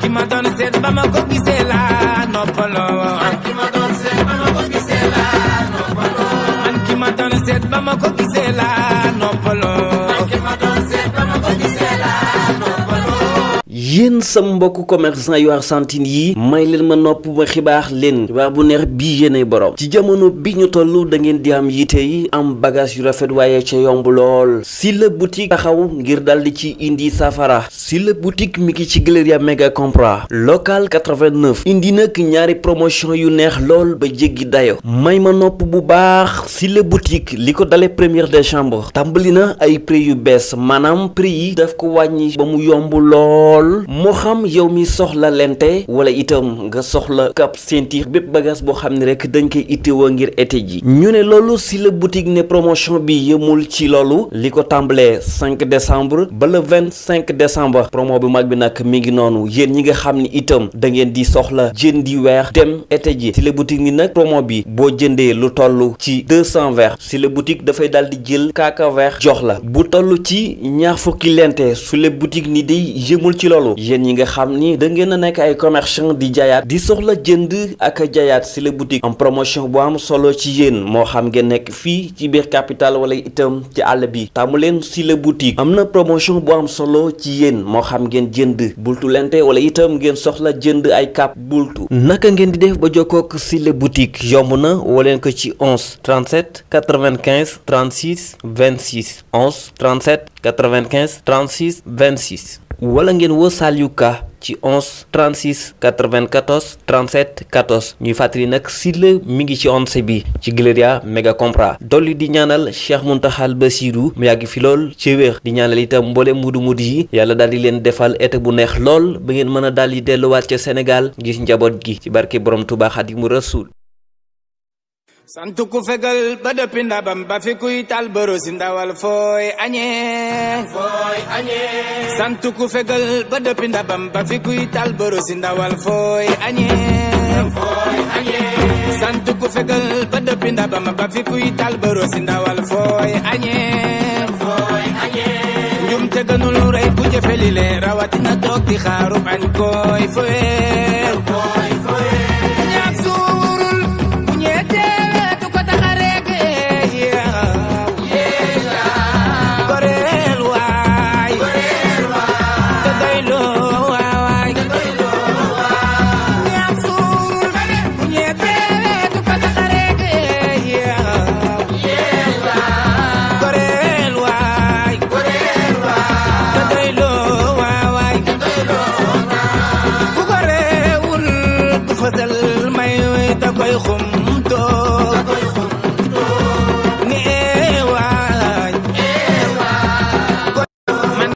ki ma doon seet ba ma ko gisee laa noppaloo man ki ma doon seet ba ma ko gisee laa noppaloo man ki ma doon seet ba ma ko gisee laa yéen sam mbokk commerçant yu Argentine yi may leen ma nopp ma xibaar leen xibaar bu neex bii yéenay borom ci jamono bi ñu toll da ngeen di am yitte yi am bagage yu rafet waaye ca yomb lool si la boutique taxaw ngir daldi ci indi safara si la boutique mi ngi ci Galeria Mega Compra local 89 indi nag ñaari promotion yu neex lool ba jéggi dayo may ma nopp bu baax si la boutique li ko dalee première décembre tàmbali na ay prix yu bees maanaam prix yi daf ko wàññi ba mu yomb lool amul moo xam yow mi soxla lente wala itam nga soxla cap ceinture bépp bagage boo xam ne rek dañ koy itteewoo ngir été ji ñu ne loolu si la boutique ne promotion bi yëmul ci loolu li ko tàmbalee 5 décembre ba le 25 décembre promo bi mag bi nag mi ngi noonu yéen ñi nga xam ni itam da ngeen di soxla jën di weex dem été ji si la boutique ni nag promo bi boo jëndee lu tollu ci 200 verres si la boutique dafay daal di jël kaaka verre jox la bu toll ci ñaax fukki lente su ci loolu xelu yéen yi nga xam ni da ngeen a nekk ay commerçant di jaayaat di soxla jënd ak jaayaat si la boutique am promotion bu am solo ci yéen moo xam ngeen nekk fii ci biir capital wala itam ci àll bi tàmm leen si la boutique am na promotion bu am solo ci yéen moo xam ngeen jënd bultu lente wala itam ngeen soxla jënd ay cap bultu naka ngeen di def ba jokkook si la boutique yomb na woo leen ko ci 11 37 95 36 26 11 37 95 36 26 wala ngeen woo Saliou Ka ci 11 36 94 37 14 ñuy fàttali nag Sylla mi ngi ci once bi ci Galeria Mega Compra dolli di ñaanal Cheikh Mountakhal Bassirou mu yàgg fi lool ci wér di ñaanal itam mboolem mudu mudd yi yàlla daal di leen defal été bu neex lool ba ngeen mën a daal di delluwaat ca Sénégal gis njaboot gi ci barke borom Touba Xaadimu Rasuul sant ku fegal ba dëppi ndabam ba fi kuy tal borosi ndawal fooy añee fooy añee njum te rey ku jëfe li le rawatina toog di xaaru bañ koy fooy